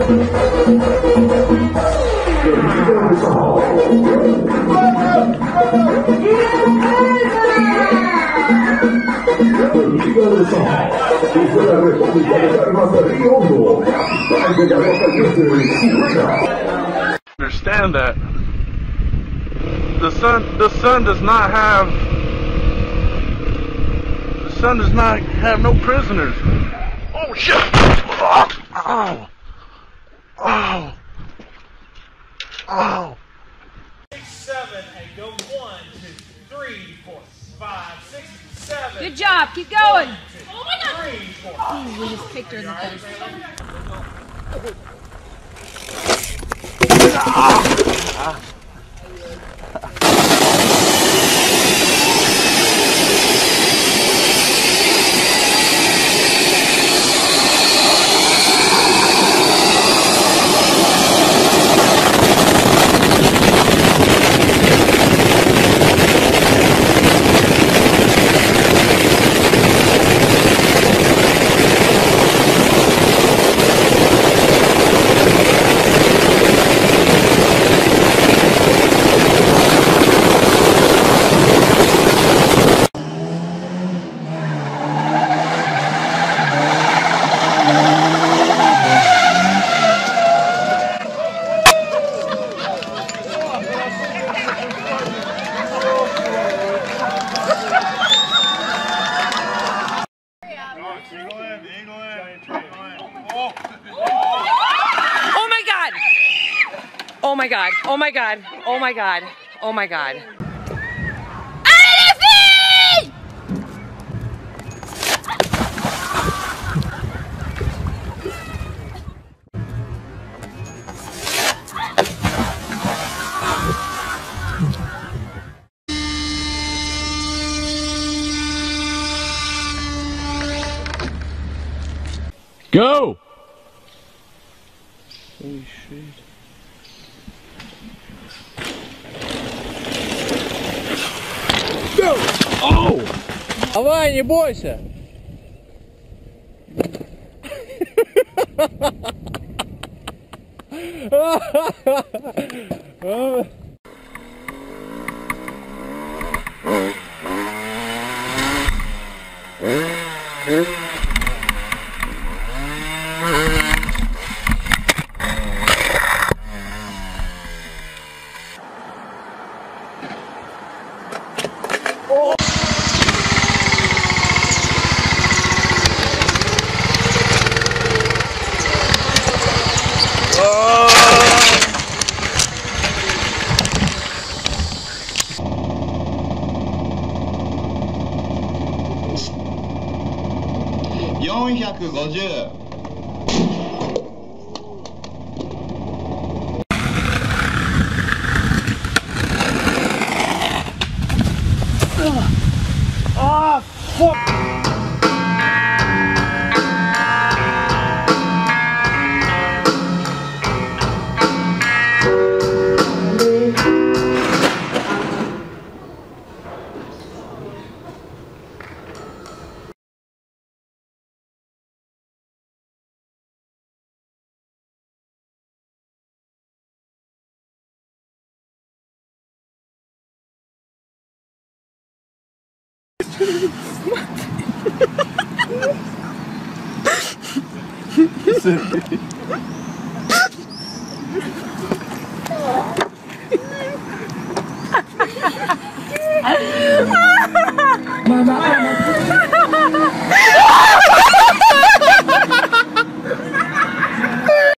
Understand that the sun the sun does not have the sun does not have no prisoners. Oh shit! Oh. Ow! Oh. Ow! Oh. Six, seven, and go one, oh. two, three, four, five, six, seven. Good job. Keep going. One, two, oh my God! Three, four, oh. Ooh, we just kicked her in the face. Ah. Oh my God. Oh my God. Oh my God. Oh my God. Oh my God. Go! Holy shit. Go! Оу! Давай, не бойся! Oh. Mm-hmm. 450 Listen. Mama.